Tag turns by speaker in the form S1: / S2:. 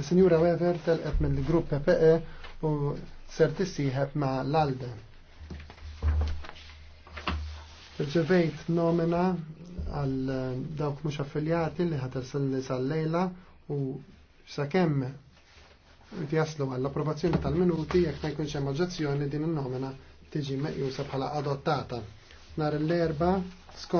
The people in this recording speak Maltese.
S1: Is-Sinjura Wever telqet mill-grupp PPE u ser tissieħeb ma' l-Alde. Irċevejt nomina għal eh, dawk mhux affiljati li ħatersalli sal-lejla u sakemm jaslu għall-approvazzjoni tal-minuti jekk ma jkunx hemm oġġezzjoni din in-nomina tiġi meqjusa bħala adottata. Nar l-erba' skont